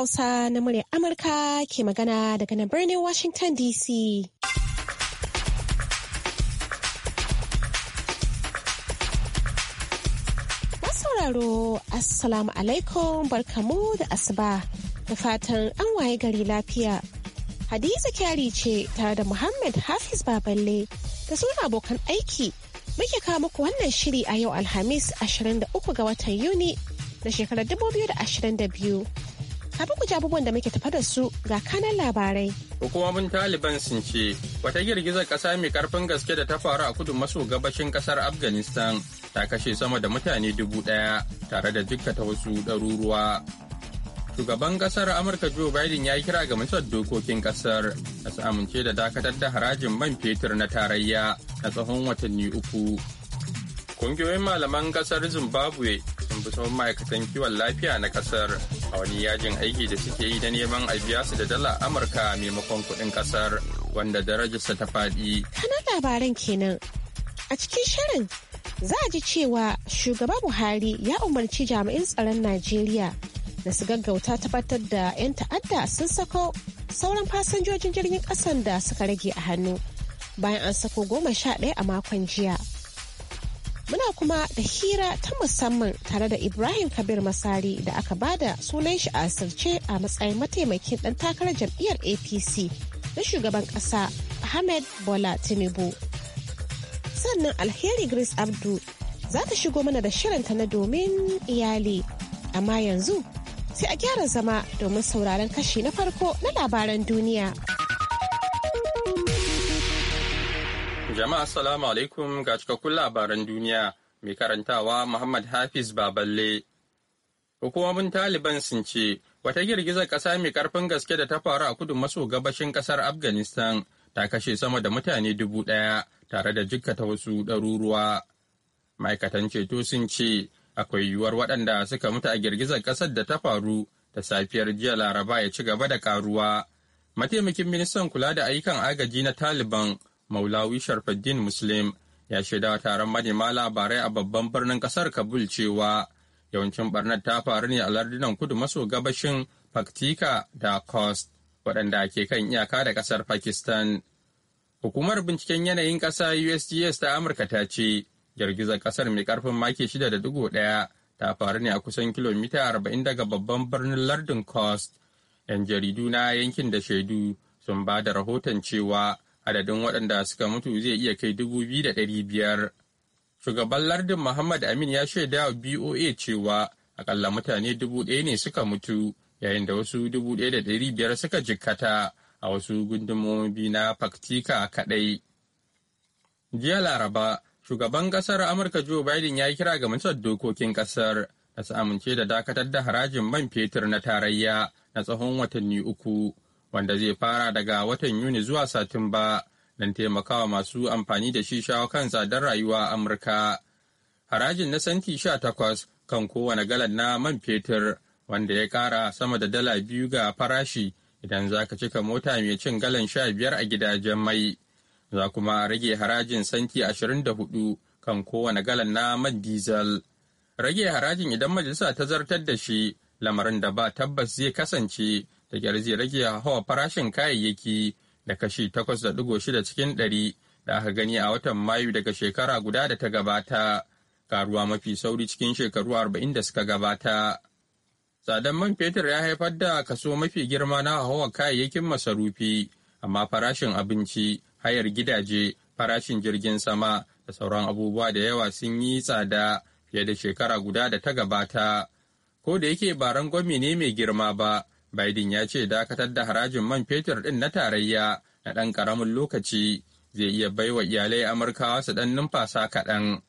Hausa na murya Amurka ke magana daga na birnin Washington DC. Masauraro, Assalamu alaikum barkamu da asuba da fatan an waye gari lafiya. Hadiza kyari ce tare da Muhammad Hafiz Baballe da sauran abokan aiki muke kawo muku wannan shiri a yau Alhamis 23 ga watan Yuni na shekarar 2022. Kafin ku ji abubuwan da muke tafa da su ga kanan labarai. Hukumomin Taliban sun ce wata girgizar ƙasa mai karfin gaske da ta faru a kudu maso gabashin ƙasar Afghanistan ta kashe sama da mutane dubu ɗaya tare da ta wasu ɗaruruwa. Shugaban ƙasar Amurka Joe Biden ya yi kira ga majalisar dokokin ƙasar da su amince da dakatar da harajin man fetur na tarayya na tsawon watanni uku. Kungiyoyin malaman ƙasar Zimbabwe sun fi sauran ma'aikatan kiwon lafiya na ƙasar a wani yajin aiki da suke yi da neman a biya su da dala amurka maimakon kuɗin ƙasar wanda darajarsa ta faɗi. kanan labaran kenan a cikin shirin za a ji cewa shugaba buhari ya umarci jami'in tsaron najeriya da su gaggauta tabbatar da 'yan ta'adda sun sako sauran fasinjojin jirgin kasan da suka rage a hannu bayan an sako goma sha ɗaya a makon jiya Muna kuma da hira ta musamman tare da Ibrahim Kabir Masari da aka ba da sunan shi a asirce a matsayin mataimakin ɗan takarar jam'iyyar APC na shugaban ƙasa Ahmed Bola Tinubu. Sannan Alheri Grace Abdu za ta shigo mana da shirinta na domin iyali. Amma yanzu sai a gyara zama domin sauraron kashi na farko na labaran duniya. Jama'a Assalamu alaikum ga cikakkun labaran duniya mai karantawa Muhammad Hafiz Baballe. Hukumomin Taliban sun ce wata girgizar ƙasa mai ƙarfin gaske da ta faru a kudu maso gabashin ƙasar Afghanistan ta kashe sama da mutane dubu ɗaya tare da jikkata wasu ɗaruruwa. Ma'aikatan ceto sun ce akwai yiwuwar waɗanda suka mutu a girgizar ƙasar da ta faru da safiyar jiya laraba ya ci gaba da ƙaruwa. Mataimakin ministan kula da ayyukan agaji na Taliban Maulawi Sharfaddin Muslim ya shaida taron manema labarai a babban birnin kasar Kabul cewa yawancin barnar ta faru ne a lardunan kudu maso gabashin Paktika da coast waɗanda ke kan iyaka da kasar Pakistan. Hukumar binciken yanayin ƙasa USGS ta Amurka ta ce girgizar ƙasar mai ƙarfin maki 6.1 ta faru ne a kusan kilomita arba'in daga babban birnin lardin coast 'Yan jaridu na yankin da shaidu sun ba da rahoton cewa adadin waɗanda suka mutu zai iya kai dubu biyu da ɗari biyar. Shugaban lardin Muhammad Amin ya shaida wa BOA cewa akalla mutane dubu ɗaya ne suka mutu yayin da wasu dubu ɗaya da ɗari biyar suka jikkata a wasu gundumomi na Faktika kaɗai. Jiya Laraba, shugaban ƙasar Amurka Joe Biden ya yi kira ga majalisar dokokin ƙasar da su amince da dakatar da harajin man fetur na tarayya na tsawon watanni uku wanda zai fara daga watan Yuni zuwa Satumba don taimakawa masu amfani da shi shawo kan tsadar rayuwa a Amurka. Harajin na santi sha takwas kan kowane galan na man fetur wanda ya kara sama da dala biyu ga farashi idan za ka cika mota mai cin galan sha biyar a gidajen mai. Za kuma rage harajin santi ashirin da hudu kan kowane galan na man diesel. Rage harajin idan majalisa ta zartar da shi lamarin da ba tabbas zai kasance da kyar rage hawa farashin kayayyaki da kashi da shida cikin ɗari da aka gani a watan mayu daga shekara guda da ta gabata karuwa mafi sauri cikin shekaru arba'in da suka gabata tsadan man fetur ya haifar da kaso mafi girma na hawa kayayyakin masarufi amma farashin abinci hayar gidaje farashin jirgin sama da sauran abubuwa da yawa sun yi tsada fiye da shekara guda da ta gabata ko da yake ba rangwame ne mai girma ba Biden ya ce dakatar da harajin man fetur ɗin na tarayya na ɗan ƙaramin lokaci zai iya bai wa iyalai Amurkawa su ɗan numfasa kaɗan.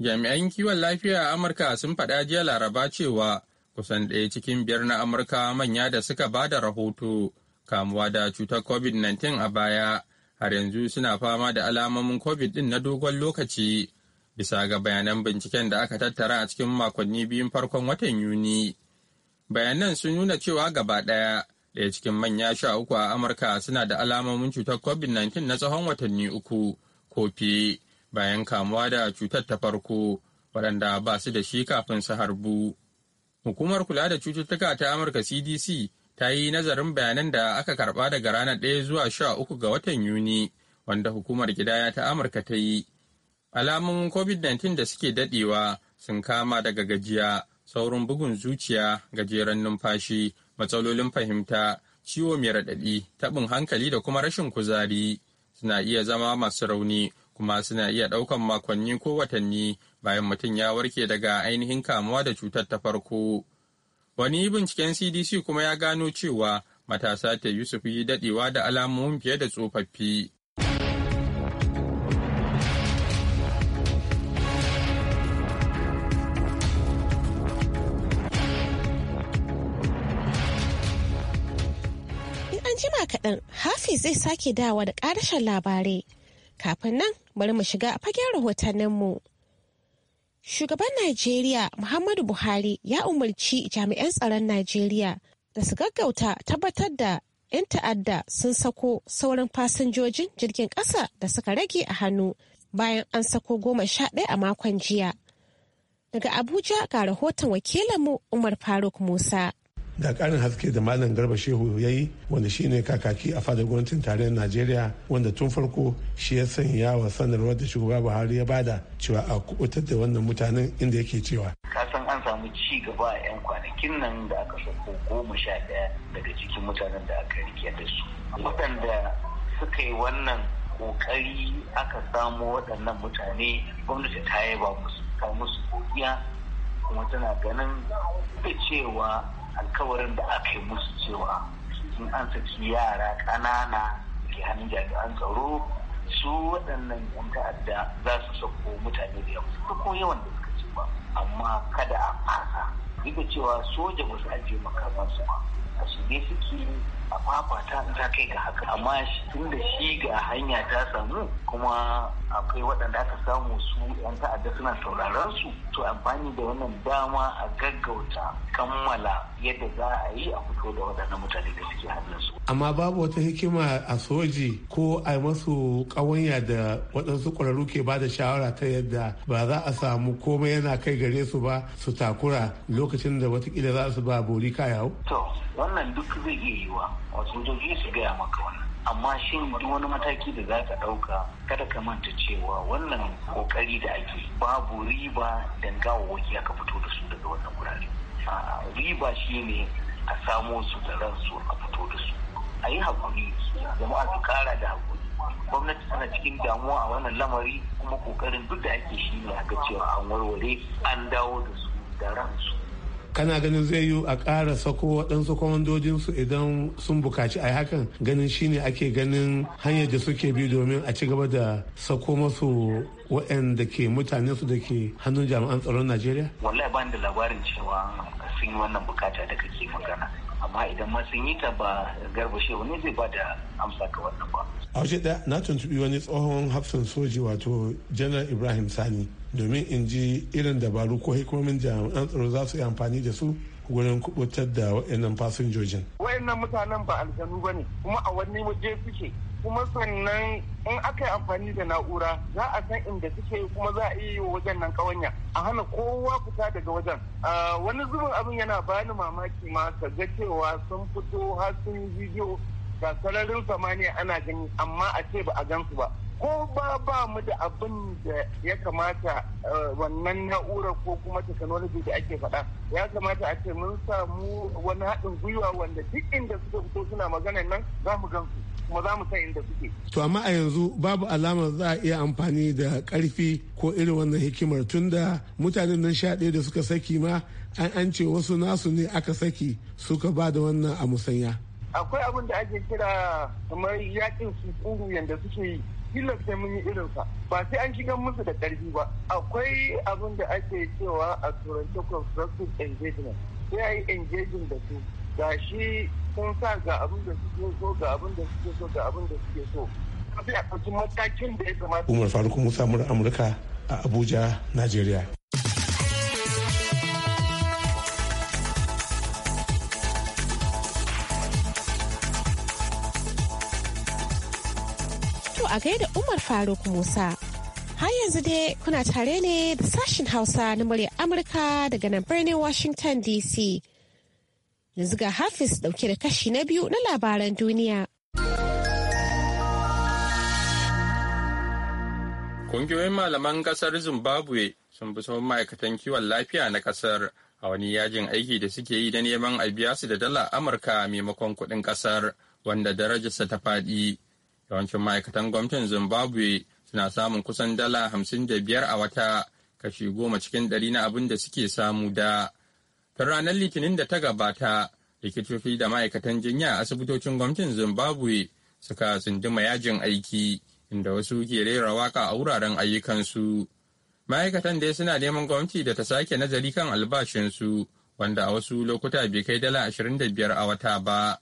Jami'an kiwon lafiya a Amurka sun faɗa jiya Laraba cewa kusan ɗaya cikin biyar na Amurka manya da suka ba da rahoto kamuwa da cutar COVID-19 a baya har yanzu suna fama da alamomin COVID ɗin na dogon lokaci bisa ga bayanan binciken da aka tattara a cikin makonni biyun farkon watan Yuni. bayanan sun nuna cewa gaba ɗaya daya cikin manya sha uku a amurka suna da alamomin cutar covid-19 na tsawon watanni uku ko fiye bayan kamuwa da cutar ta farko waɗanda ba su da shi kafin su harbu hukumar kula da cututtuka ta amurka cdc ta yi nazarin bayanan da aka karba daga ranar ɗaya zuwa sha uku ga watan yuni wanda hukumar gidaya ta amurka ta yi alamomin covid-19 da suke daɗewa sun kama daga gajiya saurin bugun zuciya gajeren numfashi matsalolin fahimta ciwo mai raɗaɗi taɓin hankali da kuma rashin kuzari suna iya zama masu rauni kuma suna iya ɗaukan makonni ko watanni bayan mutum ya warke daga ainihin kamuwa da cutar ta farko wani binciken cdc kuma ya gano cewa matasa ta yusuf yi daɗewa da alamomin fiye da tsofaffi kaɗan hafi zai sake dawa da ƙarashin labarai. Kafin nan bari mu shiga fagen rahotanninmu. Shugaban Najeriya Muhammadu Buhari ya umarci jami'an tsaron Najeriya da su gaggauta tabbatar da 'yan ta'adda sun sako sauran fasinjojin jirgin ƙasa da suka rage a hannu bayan an sako goma sha ɗaya a makon jiya. Daga Abuja ga rahoton wakilinmu Umar Faruk Musa. da karin haske da malam garba shehu ya yi wanda shine kakaki a fadar gwamnatin tarayyar najeriya wanda tun farko shi ya sanya wa sanarwar da shugaba buhari ya bada cewa a kubutar da wannan mutanen inda yake cewa kasan an samu ci gaba a 'yan kwanakin nan da aka sako goma sha ɗaya daga cikin mutanen da aka rike da su waɗanda suka yi wannan kokari aka samo waɗannan mutane gwamnati ta ba musu ta musu kuma tana ganin da cewa alkawarin da aka yi musu cewa in an saki yara ƙanana ke hannun jami'an tsaro su waɗannan yan ta'adda za su sako mutane da yawa ko yawan da suka ce ba amma kada a fasa duk da cewa soja ba su ajiye su ba a shige suke a fafata in za kai ga haka amma tun da shi ga hanya ta samu kuma akwai waɗanda aka samu su 'yan ta'adda suna sauraron su to amfani da wannan dama a gaggauta kammala yadda za a yi a fito da waɗannan mutane da suke su. amma babu wata hikima a soji ko a masu ƙawanya da waɗansu ƙwararru ke ba da shawara ta yadda ba za a samu komai yana kai gare su ba su takura lokacin da watakila za su ba bori kayawo. to wannan duk zai iya yiwa wasu jirgi su gaya maka wannan amma shin duk wani mataki da za ka ɗauka kada ka manta cewa wannan kokari da ake babu riba dan gawawwaki aka fito da su daga wannan wurare riba shi ne a samo su da ransu a fito da su a yi hakuri jama'a su kara da hakuri gwamnati tana cikin damuwa a wannan lamari kuma kokarin duk da ake shi ne a ga cewa an warware an dawo da su da ransu kana ganin zai yi a ƙara sako waɗansu kwamandojinsu idan sun bukaci a hakan ganin shine ake ganin hanyar da suke bi domin a ci gaba da sako masu waɗanda ke mutane su da ke hannun jami'an tsaron najeriya wallahi ban da labarin cewa sun yi wannan bukata da kake magana amma idan ma sun yi ta ba garba shehu wani zai ba da amsa ga wannan ba a waje daya na tuntubi wani tsohon hafsan soji wato janar ibrahim sani domin in ji irin dabaru ko hikomin jami'an tsaro za su yi amfani da su wurin kubutar da waɗannan fasinjojin. Waɗannan mutanen ba aljanu ba ne kuma a wani waje suke kuma sannan in aka yi amfani da na'ura za a san inda suke kuma za a iya yi wajen nan kawanya a hana kowa fita daga wajen wani zubin abin yana bani mamaki ma ka ga cewa sun fito har sun yi bidiyo ga sararin samaniya ana gani amma a ce ba a gansu ba ko ba ba mu da abin da ya kamata eh, wannan na'urar ko kuma technology da ake faɗa ya kamata a ce mun samu wani haɗin gwiwa wanda duk inda suka fito suna maganan nan za mu gansu kuma za mu san inda suke. To amma a yanzu babu alamar za a iya amfani da ƙarfi ko irin wannan hikimar tunda mutanen nan sha da suka saki ma an ce wasu nasu ne aka saki suka ba da wannan a musanya. akwai abin da ake kira kamar yakin sukuru yadda suke yi tilas sai mun yi irin sa ba sai an shiga musu da ƙarfi ba akwai abin da ake cewa a turance constructive engagement sai ayi engaging da su ga shi sun sa ga abin da suke so ga abin da suke so ga abin da suke so sai a ɗauki matakin da ya kamata umar faruk musa amurka a abuja najeriya a gaida Umar Faruk Musa. Har yanzu dai kuna tare ne da sashin Hausa na murya Amurka daga nan birnin Washington DC. Yanzu ga Hafiz dauke da kashi na biyu na labaran duniya. Kungiyoyin malaman kasar Zimbabwe sun fi sabon ma'aikatan kiwon lafiya na kasar a wani yajin aiki da suke yi da neman a biya su da dala Amurka maimakon kuɗin kasar wanda darajarsa ta faɗi. Yawancin ma'aikatan gwamnatin Zimbabwe suna samun kusan dala hamsin da biyar a wata kashi goma cikin ɗari na abin da suke samu da. Tun ranar Litinin da ta gabata, likitofi da ma'aikatan jinya a asibitocin gwamnatin Zimbabwe suka tsunduma yajin aiki inda wasu ke rera waka a wuraren ayyukansu. Ma'aikatan dai suna neman gwamnati da ta sake nazari kan albashinsu wanda a wasu lokuta bai kai dala ashirin da biyar a wata ba.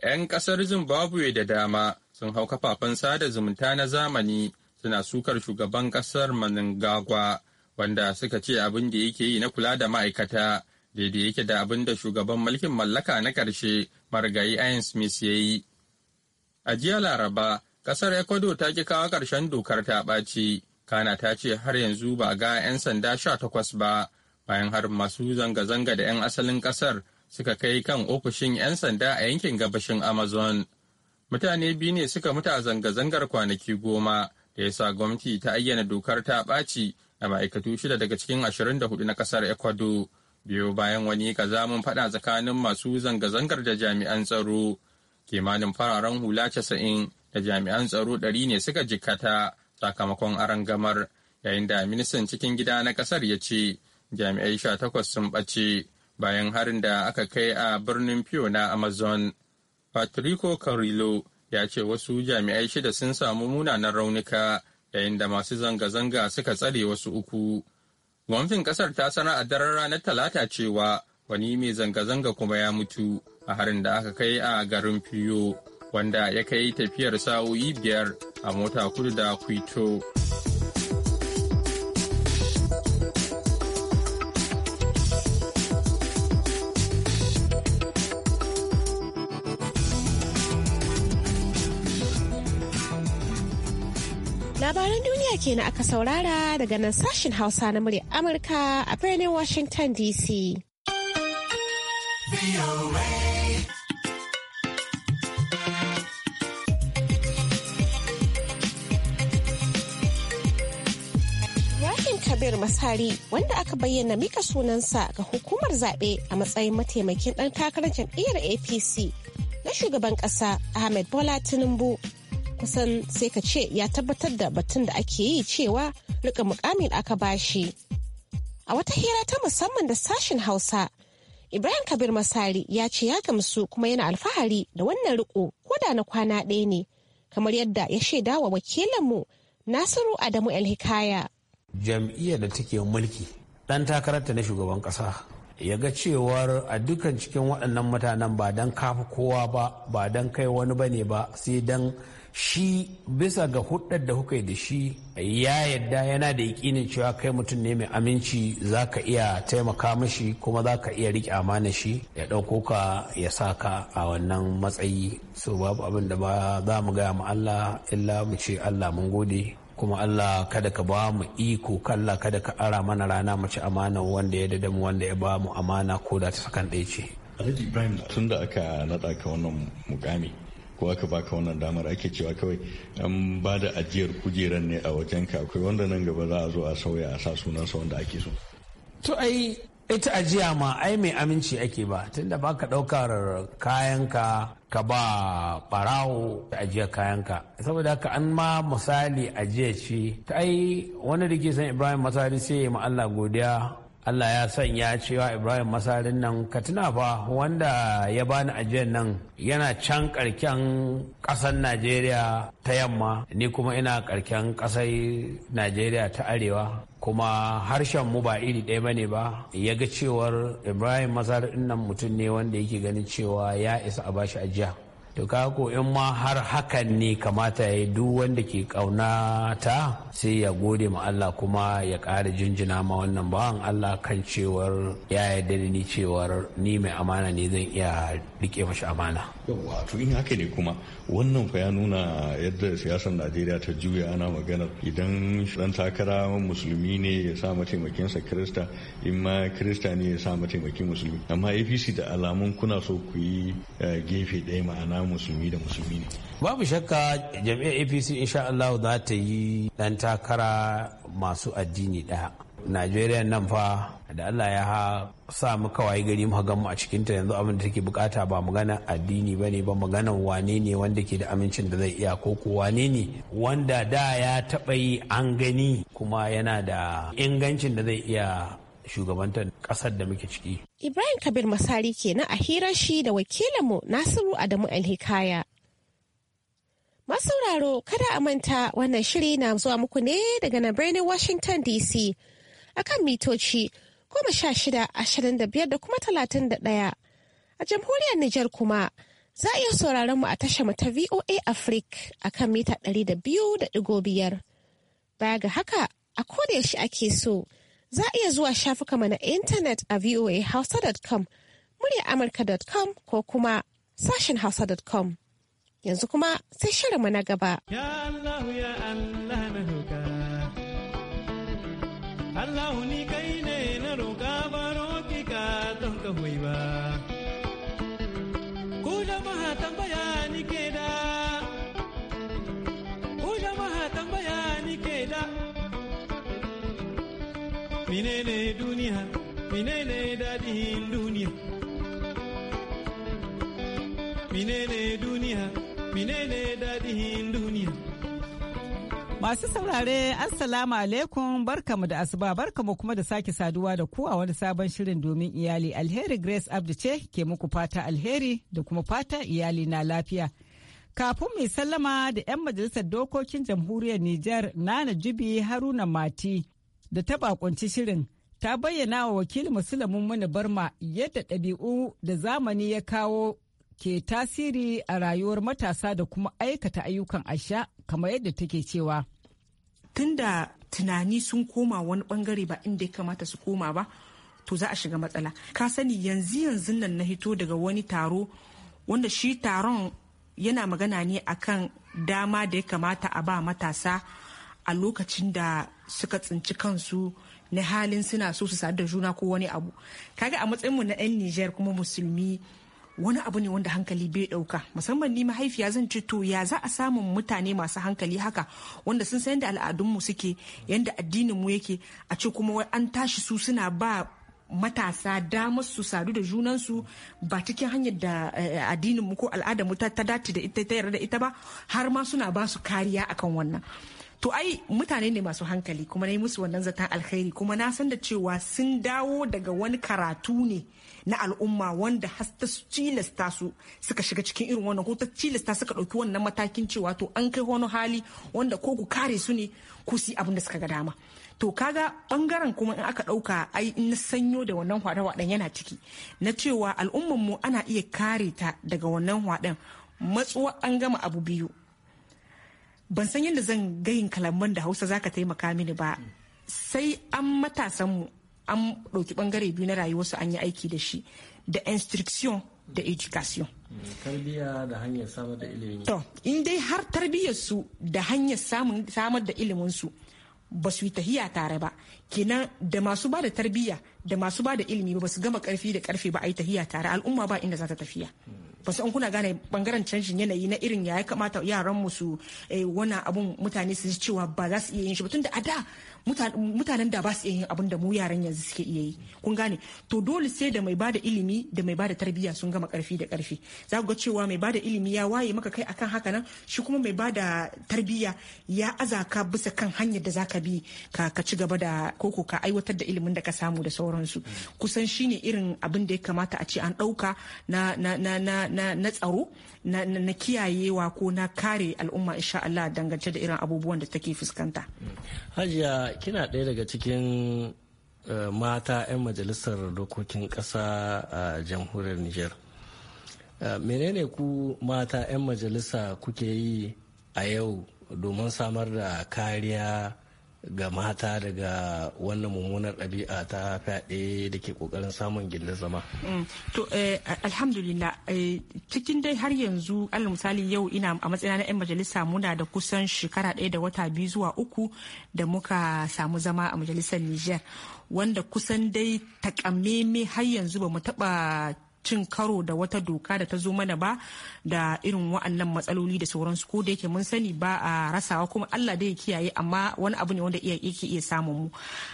'Yan ƙasar Zimbabwe da dama sun hau kafafen sada zumunta na zamani suna sukar shugaban kasar maningagwa wanda suka ce abin da yake yi na kula da ma'aikata daidai yake da abin da shugaban mulkin mallaka na ƙarshe margayi ayan Smith ya yi. A jiya Laraba, kasar Ecuador ta ki kawo ƙarshen dokar ta ɓaci, Kana ta ce har yanzu ba ga 'yan sanda sha takwas ba, bayan har masu zanga-zanga da 'yan asalin ƙasar suka kai kan ofishin 'yan sanda a yankin gabashin Amazon. mutane biyu ne suka mutu a zanga-zangar kwanaki goma da ya sa gwamnati ta ayyana dokar ta ɓaci a ma'aikatu shida daga cikin ashirin da hudu na ƙasar ecuador biyo bayan wani kazamin faɗa tsakanin masu zanga-zangar da jami'an tsaro kimanin fararen hula casa'in da jami'an tsaro ɗari ne suka jikkata sakamakon arangamar yayin da ministan cikin gida na ƙasar ya ce jami'ai sha takwas sun ɓace bayan harin da aka kai a birnin Pio na Amazon. Patrico Carrillo ya ce wasu jami'ai shida sun samu munanan raunuka yayin da masu zanga-zanga suka tsare wasu uku. gwamfin kasar ta sanar a daren ranar Talata cewa wani mai zanga-zanga kuma ya mutu a harin da aka kai a garin Fiyo, wanda ya kai tafiyar sa'o'i biyar a mota kudu da Quito. Labaran duniya kenan aka saurara daga nan sashen Hausa na murya Amurka a birnin Washington DC. Kabir Masari wanda aka bayyana mika sunansa ga hukumar zaɓe a matsayin mataimakin ɗan takarar jam'iyyar APC na shugaban ƙasa Ahmed Bola Tinubu kusan sai ka ce ya tabbatar da batun da ake yi cewa rika mukamin aka bashi. A wata hira ta musamman da sashen Hausa, Ibrahim Kabir Masari ya ce ya gamsu kuma yana alfahari da wannan riko da na kwana ɗaya ne, kamar yadda ya shaida wa wakilinmu Nasiru Adamu El-Hikaya. Jam'iyyar da take mulki, ɗan takararta na shugaban ƙasa, ya ga cewar a dukkan cikin waɗannan mutanen ba don kafa kowa ba ba don kai wani bane ba sai don shi bisa ga hudar da kuka yi da shi ya yadda yana da yakinin cewa kai mutum ne mai aminci za ka iya taimaka mashi kuma za ka iya rike amana shi ya ɗauko ka ya sa ka a wannan matsayi so babu abin da ba za mu gaya ma Allah illa mu ce Allah mun gode kuma Allah kada ka ba mu iko kalla kada ka ara mana rana mu ci amana wanda ya dadamu wanda ya ba mu amana ko da ta sakan ɗaya ce. Alhaji Ibrahim tunda aka naɗa ka wannan mukami ko aka baka wannan damar ake cewa kawai an ba da ajiyar kujeran ne a wajen ka akwai wanda nan gaba za a zo a sauya a sa sunansa wanda ake so. To ai ita ajiya ma ai mai aminci ake ba tunda ba ka ɗaukar kayanka ka ba barawo da ajiyar kayanka saboda haka an ma misali ajiya ce ta ai wani da ke san ibrahim masari sai ya ma Allah godiya Allah ya sanya cewa Ibrahim masarin nan ka tuna fa wanda ya bani ajiyar nan yana can karken ƙasar Najeriya ta yamma ni kuma ina karken ƙasar Najeriya ta arewa kuma harshen mu ba iri ɗaya bane ba ya ga cewar Ibrahim masarin nan mutum ne wanda yake ganin cewa ya isa a bashi ajiya to ka ko in ma har hakan ne kamata ya duk wanda ke kauna ta sai ya gode ma Allah kuma ya ƙara jinjina ma wannan bawan Allah kan cewar ya yarda da ni cewar ni mai amana ne zan iya rike mashi amana yawwa to in haka ne kuma wannan fa ya nuna yadda siyasar najeriya ta juya ana maganar idan dan takara musulmi ne ya sa mataimakinsa kirista in ma kirista ne ya sa mataimakin musulmi amma apc da alamun kuna so ku yi eh, gefe ɗaya ma'ana musulmi da musulmi ne babu shakka jami'ar apc insha allahu za ta yi dan takara masu addini ɗaya najeriya nan fa da allah ya ha sa mu kawai gari mu mu a cikinta yanzu abin da take bukata ba magana addini ba ne ba magana wane ne wanda ke da amincin da zai iya ko ko wane ne wanda da ya taɓa yi an gani kuma yana da ingancin da zai iya shugabantar kasar da muke ciki. Ibrahim Kabir Masari kenan a hirar shi da wakilinmu Nasiru Adamu Alhikaya. Masauraro kada a manta wannan shiri na zuwa muku ne daga na birnin Washington DC. akan mitoci goma sha shida ashirin da biyar da kuma talatin da ɗaya. A jamhuriyar Nijar kuma za a iya sauraron mu a tashar mu ta VOA Africa akan mita ɗari da biyu da ɗigo biyar. Baya ga haka a koda yaushe ake so za a iya zuwa shafuka mana na intanet a voahausa.com muryaamurka.com ko kuma sashen hausa.com. Yanzu kuma sai shirinmu na gaba. Allah ni kai ne na roƙa baro ki ka don ka hoyi ba. Ku jama'a tambaya ni ke da, ku jama'a tambaya ni ke da. Menene duniya, menene dadihin duniya. Menene duniya, menene dadihin duniya. Masu saurare, Assalamu alaikum barkamu da asuba barkamu kuma da sake saduwa da ku a wani sabon shirin domin iyali. Alheri Grace Abdu ce ke muku fata alheri da kuma fata iyali na lafiya. Kafin mai sallama da 'yan majalisar dokokin jamhuriyar Nijar Nana Jubi Haruna Mati da ta bakunci shirin ta bayyana wa wakilin Musulamin Muni Barma yadda ɗabi'u da zamani ya kawo ke tasiri a rayuwar matasa da kuma aikata ayyukan asha kamar yadda take cewa. tunda tunani sun koma wani bangare ba inda ya kamata su koma ba to za a shiga matsala ka sani yanzu yanzu nan na hito daga wani taro wanda shi taron yana magana ne akan dama da ya kamata a ba matasa a lokacin da suka tsinci kansu na halin suna so su sadu da juna ko wani abu kaga a matsayinmu na 'yan nijar kuma musulmi wani abu ne wanda hankali bai dauka musamman ni mahaifiya zan ce to ya za a samun mutane masu hankali haka wanda sun san da al'adunmu suke yanda addinin mu yake a ce kuma an tashi su suna ba matasa damar su sadu da junansu ba cikin hanyar da eh, addininmu ko al'adar mu ta dace da ita ta yarda da ita ba har ma suna ba su kariya akan wannan to ai mutane ne masu hankali kuma na yi musu wannan zaton alkhairi kuma na san da cewa sun dawo daga wani karatu ne na al'umma wanda har ta cilasta su suka shiga cikin irin wannan ko ta cilasta suka ɗauki wannan matakin cewa to an kai wani hali wanda ko ku kare su ne ku si abin da suka ga dama to kaga bangaren kuma in aka ɗauka ai in na sanyo da wannan hwaɗe yana ciki na cewa al'umman mu ana iya kare ta daga wannan hwaɗen matsuwa an gama abu biyu ban san yadda zan gayin kalamman da hausa zaka taimaka mini ba sai an matasanmu an ɗauki bangare biyu na rayuwarsu an yi aiki da shi da instruction da education. Mm, tarbiyya da hanyar samar da ilimi. To, in dai har tarbiyyar su da hanyar samar da iliminsu ba su yi tahiya tare ba, kenan da masu ba da tarbiyya da masu ba da ilimi ba su gama karfi da karfe ba a yi tahiya tare al'umma ba inda za ta tafiya. Mm. ba su kuna gane bangaren canjin yanayi na irin ya kamata yaran mu su eh, wani abun mutane su cewa ba za su iya yin shi ba tunda a da mutanen da ba su iya yin abin da mu yaran yanzu suke iya yi kun gane to dole sai da mai bada ilimi da mai bada tarbiyya sun gama karfi da karfi za ku ga cewa mai bada ilimi ya waye maka kai akan haka nan shi kuma mai bada tarbiyya ya azaka bisa kan hanyar da zaka bi ka ka ci gaba da koko ka aiwatar da ilimin da ka samu da sauransu kusan shine irin abin da ya kamata a ce an dauka na na na na tsaro na, kiyayewa ko na kare al'umma insha Allah dangance da irin abubuwan da take fuskanta. Hajiya kina ɗaya daga cikin eh, mata 'yan majalisar dokokin ƙasa a jamhuriyar Nijar. Eh, menene ku mata 'yan majalisa kuke yi a yau domin samar da kariya ga mata daga wannan mummunar ɗabi'a ta fyaɗe da ke ƙoƙarin samun gindin zama. Mm. To eh, alhamdulillah eh, cikin dai har yanzu alal misali yau ina a matsayina na 'yan majalisa muna da kusan shekara ɗaya da wata biyu zuwa uku da muka samu zama a majalisar Nijar wanda kusan dai takamaimai har yanzu ba mu taɓa cin karo da wata doka da ta zo mana ba da irin wa'annan matsaloli da sauransu ko da yake mun sani ba a rasawa kuma Allah dai ya kiyaye amma wani abu ne wanda iya yake iya samun mu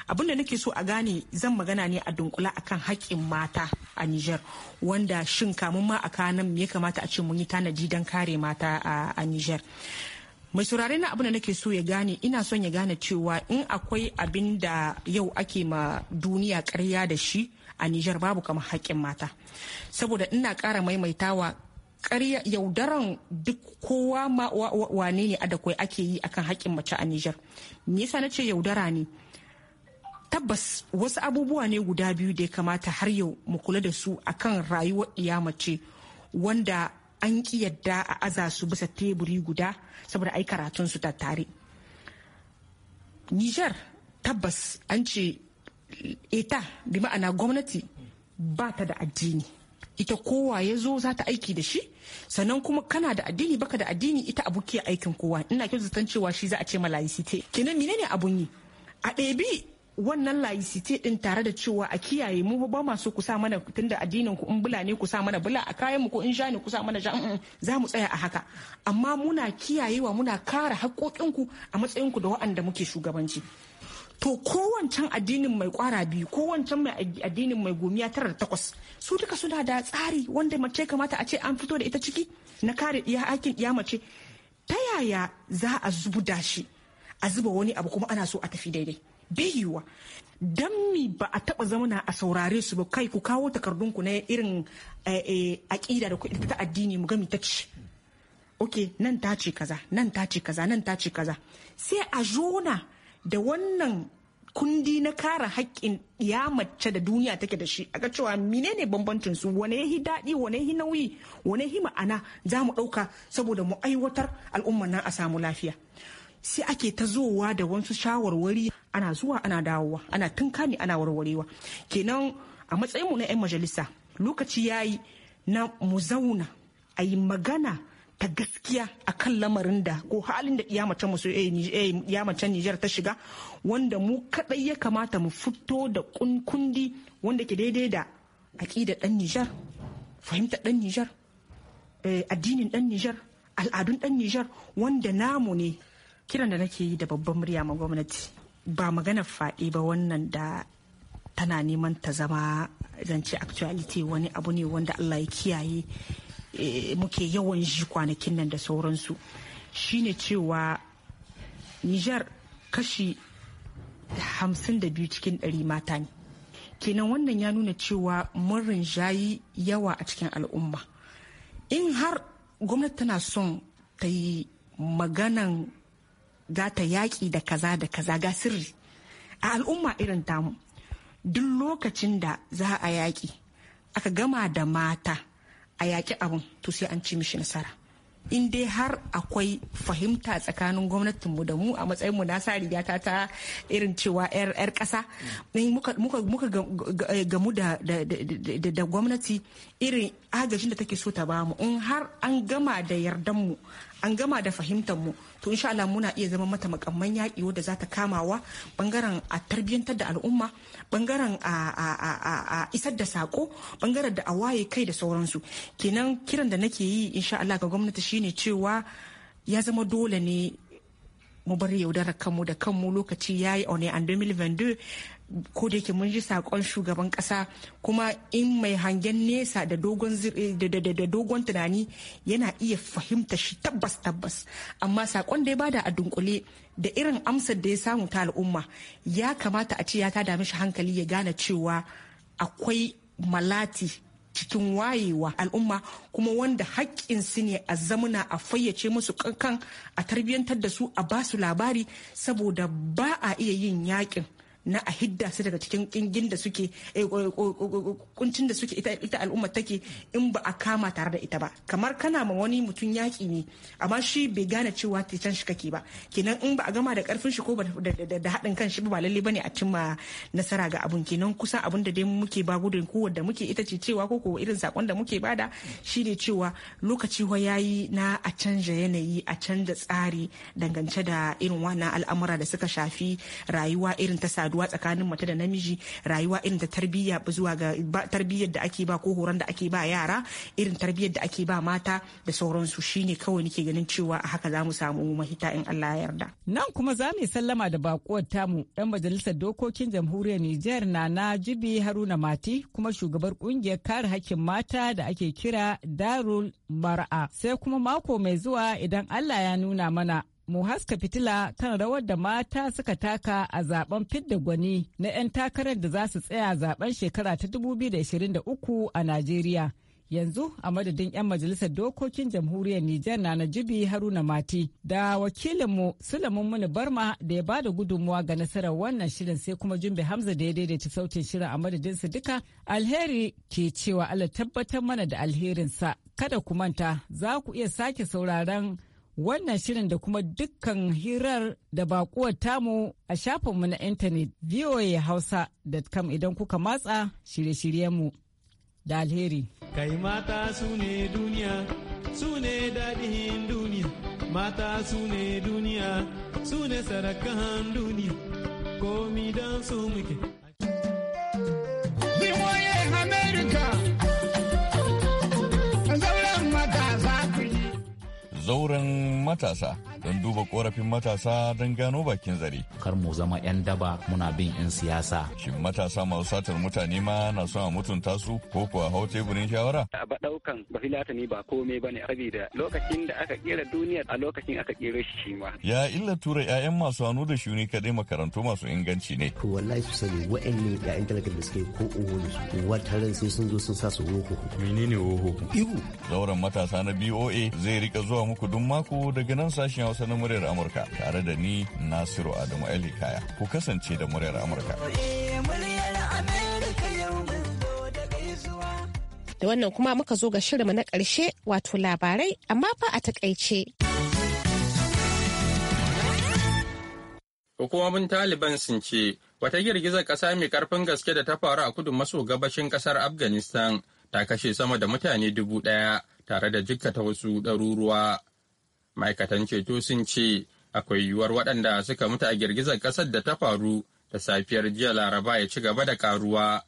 abin da nake so a gane zan magana ne a dunkula akan haƙƙin mata a Niger wanda shin kamun ma a kanan me ya kamata a ce mun yi tanadi dan kare mata a Niger mai saurare na abin da nake so ya gane ina son ya gane cewa in akwai abin da yau ake ma duniya karya da shi a Nijar babu kamar haƙƙin mata saboda ina ƙara maimaitawa ƙarya yaudaran duk kowa ma wane ne adakwai ake yi akan haƙƙin mace a Nijar me yasa nace yaudara ne tabbas wasu abubuwa ne guda biyu da ya kamata har yau mu kula da su akan rayuwar iya mace wanda an ki yadda a aza su bisa teburi guda saboda ai karatun su tattare niger tabbas an ce eta bi ma'ana gwamnati ba ta da addini ita kowa ya zo za ta aiki da shi sannan kuma kana da addini baka da addini ita abu ke aikin kowa ina kyautatan cewa shi za a ce site. kenan menene abun yi a ɗebi wannan laicite din tare da cewa a kiyaye mu ba masu kusa mana tun mana tunda addinin ku in bula ne kusa mana bula a kayan mu ko in ja ne kusa mana ja za mu tsaya a haka amma muna kiyayewa muna kare haƙoƙin a matsayin ku da waɗanda muke shugabanci to kowancan addinin mai kwara biyu kowancan mai addinin mai gomiya tara da takwas su duka suna da tsari wanda mace kamata a ce an fito da ita ciki na kare iya hakin iya mace ta yaya za a zubuda shi a zuba wani abu kuma ana so a tafi daidai bai yiwa don mi ba a taba zamana a saurare su ba kai ku kawo takardunku na irin eh, eh, aƙida da kuɗi ta addini mu gami ta ce ok nan ta ce kaza nan ta ce kaza nan ta ce kaza sai a jona da wannan kundi na kara haƙƙin ya mace da duniya take da shi aga cewa menene bambancin su wane yahi daɗi wane yahi nauyi wane yahi ma'ana za mu ɗauka saboda mu aiwatar al'umman nan a samu lafiya sai ake ta zowa da wasu shawarwari ana zuwa ana dawowa ana tunka ne ana warwarewa kenan a matsayin mu na 'yan majalisa lokaci ya yi na mu zauna a yi magana ta gaskiya a kan lamarin da ko halin da iyamacen eh, eh, Nijar ta shiga wanda mu kadai ya kamata mu fito da kundi wanda ke daidai da aƙidar dan Nijar fahimtar dan Nijar eh, addinin dan Nijar al'adun dan Nijar wanda namu ne kiran da nake yi da babban murya ma gwamnati ba magana faɗi ba wannan da tana neman ta zama zance actuality wani abu ne wanda allah ya kiyaye eh, muke yawan ji kwanakin nan da sauransu shine cewa nijar kashi hamsin da biyu cikin ɗari mata ne kenan wannan ya nuna cewa mun jayi yawa a cikin al'umma in har gwamnati tana son ta yi maganan za ta yaƙi da kaza da kaza ga sirri a al'umma irin tamu duk lokacin da za a yaƙi aka gama da mata a yaƙi abin to sai an ci mishi nasara in dai har akwai fahimta tsakanin gwamnatinmu da mu a matsayin mu na sa rigata ta irin cewa 'yar ƙasa muka gamu da gwamnati irin agajin da take so ta bamu in har an gama da yardanmu an gama da fahimtar mu to insha Allah muna iya zama mata makamman yaƙi wadda za ta kamawa bangaren a tarbiyyantar da al'umma bangaren a isar da sako bangaren da a waye kai da sauransu kenan kiran da nake yi insha Allah ga gwamnati shine cewa ya zama dole ne mu bar yaudarar kanmu da kanmu lokaci ya yi aune a 2022 ko da yake mun ji sakon shugaban ƙasa kuma in mai hangen nesa eh, da dogon tunani yana iya fahimta shi tabbas tabbas amma sakon da ya bada a dunkule da irin amsar da ya samu ta al'umma ya kamata a ce ya tada mishi hankali ya gane cewa akwai malati cikin wayewa al'umma kuma wanda haƙƙin su ne a zamuna a fayyace musu kankan a tarbiyyantar da su a basu labari saboda ba a iya yin yaƙin na a hidda su daga cikin kingin da suke eh, kuncin da suke ita al'umma take in ba a kama tare da ita ba kamar kana ma wani mutum yaƙi ne amma shi bai gane cewa titan shi kake ba kenan in ba a gama da karfin shi ko da haɗin kan shi ba lalle bane a cimma nasara ga abun kenan kusa abun da dai muke ba gudun ko da muke ita ce cewa ko ko irin sakon da muke bada shi ne cewa lokaci wa yayi na a canja yanayi a canja tsari dangance da irin wannan al'amura da suka shafi rayuwa irin ta saduwa tsakanin mace da namiji rayuwa irin da tarbiyya zuwa ga tarbiyyar da ake ba ko horon da ake ba yara irin tarbiyyar da ake ba mata da sauransu shine kawai nake ganin cewa a haka za mu samu mahita in Allah ya yarda. Nan kuma za mu sallama da bakuwar tamu dan majalisar dokokin jamhuriyar Nijar na Jibi Haruna Mati kuma shugabar kungiyar kare hakkin mata da ake kira Darul Mar'a sai kuma mako mai zuwa idan Allah ya nuna mana mu haska fitila kan rawar da mata suka taka a zaben fidda gwani na 'yan takarar da za su tsaya zaben shekara ta 2023 a Najeriya. Yanzu a madadin 'yan majalisar dokokin jamhuriyar Nijar na najibi Haruna Mati da wakilinmu sulamin Muni Barma da ya bada gudunmuwa ga nasarar wannan shirin sai kuma Jumbe Hamza da ya daidaita sautin shirin a madadin su duka alheri ke cewa Allah tabbatar mana da alherinsa kada ku manta za ku iya sake sauraron wannan shirin da kuma dukkan hirar da bakuwar tamu a shafinmu na intanet voahausa.com idan kuka matsa shirye-shiryenmu da alheri. Kai mata su ne duniya, su ne daɗin duniya, mata su ne duniya, su ne sarakan duniya, komi don su muke. zauren matasa don duba korafin matasa don gano bakin zare. Kar mu zama 'yan daba muna bin 'yan siyasa. Shin matasa masu satar mutane ma na son a mutunta su ko kuwa hau teburin shawara? A ba ɗaukan ba ba komai ba ne Sabida lokacin da aka kera duniya a lokacin aka kera shi ma. Ya illa tura 'ya'yan masu hannu da shuni kadai makarantu masu inganci ne. Ko wallahi su sani ne 'ya'yan talakar da suke ko oho da su sai sun zo sun sa su woho. Menene woho? Ihu. Zauren matasa na BOA zai rika zuwa muku duk mako daga nan sashen Hausa na muryar Amurka tare da ni Nasiru Adamu elikaya Ku kasance da muryar Amurka. Da wannan kuma muka zo ga shirinmu na ƙarshe wato labarai amma fa a takaice. Hukumomin Taliban sun ce wata girgizar ƙasa mai ƙarfin gaske da ta faru a kudu maso gabashin ƙasar Afghanistan ta kashe sama da mutane dubu ɗaya tare da jikkata wasu ɗaruruwa. ma'aikatan ceto sun ce akwai yiwuwar waɗanda suka mutu a girgizar ƙasar da ta faru da safiyar jiya laraba ya ci gaba da karuwa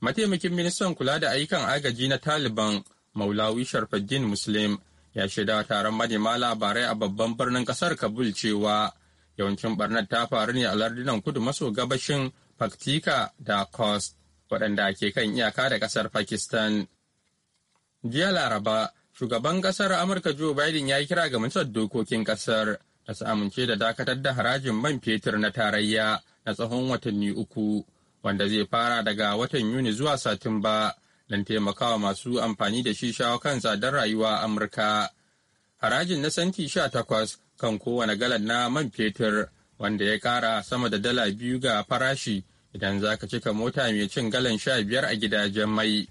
mataimakin ministan kula da ayyukan agaji na taliban maulawi sharfaddin muslim ya shaida taron manema labarai a babban birnin ƙasar kabul cewa yawancin barnar ta faru ne a lardunan kudu maso gabashin faktika da kos waɗanda ke kan iyaka da ƙasar pakistan jiya laraba Shugaban ƙasar Amurka Joe Biden ya yi kira ga majalisar dokokin ƙasar da su amince da dakatar da harajin man fetur na tarayya na tsawon watanni uku, wanda zai fara daga watan Yuni zuwa Satumba don taimakawa masu amfani da shi shawo kan tsadar rayuwa Amurka. Harajin na santi sha takwas kan kowane galan na man fetur wanda ya kara sama da dala biyu ga farashi idan za ka cika mota mai cin galan sha biyar a gidajen mai.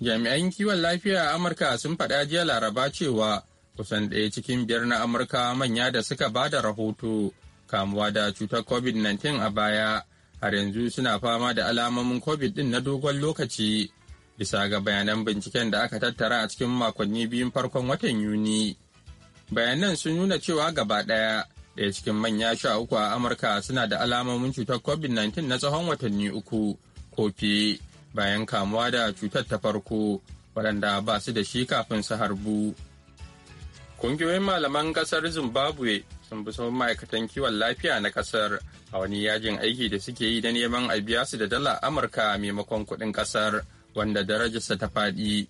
Jami'an kiwon lafiya a Amurka sun faɗa jiya Laraba cewa kusan ɗaya cikin biyar na Amurka manya da suka ba da rahoto kamuwa da cutar COVID-19 a baya har yanzu suna fama da alamomin COVID ɗin na dogon lokaci. Bisa ga bayanan binciken da aka tattara a cikin makonni biyun farkon watan Yuni. Bayanan sun nuna cewa gaba ɗaya ɗaya cikin manya sha uku a Amurka suna da alamomin cutar COVID-19 na tsawon watanni uku ko fiye. bayan kamuwa da cutar ta farko waɗanda ba su da shi kafin su harbu. ƙungiyoyin malaman ƙasar Zimbabwe sun bi sun ma'aikatan kiwon lafiya na ƙasar a wani yajin aiki da suke yi da neman a biya su da dala Amurka maimakon kuɗin ƙasar wanda darajarsa ta faɗi.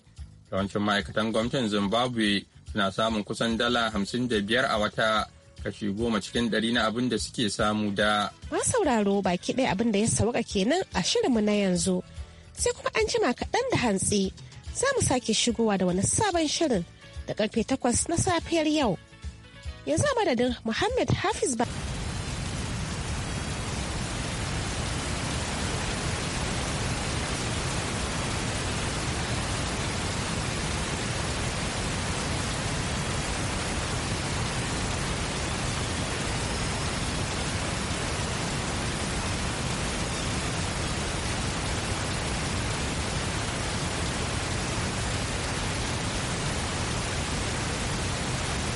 Yawancin ma'aikatan gwamnatin Zimbabwe suna samun kusan dala hamsin da biyar a wata kashi goma cikin ɗari na abin da suke samu da. Ma sauraro baki ɗaya abin da ya sauka kenan a shirinmu na yanzu. sai kuma an jima kaɗan da hantsi za mu sake shigowa da wani sabon shirin da karfe takwas na safiyar yau. Yanzu madadin Muhammad Hafiz ba.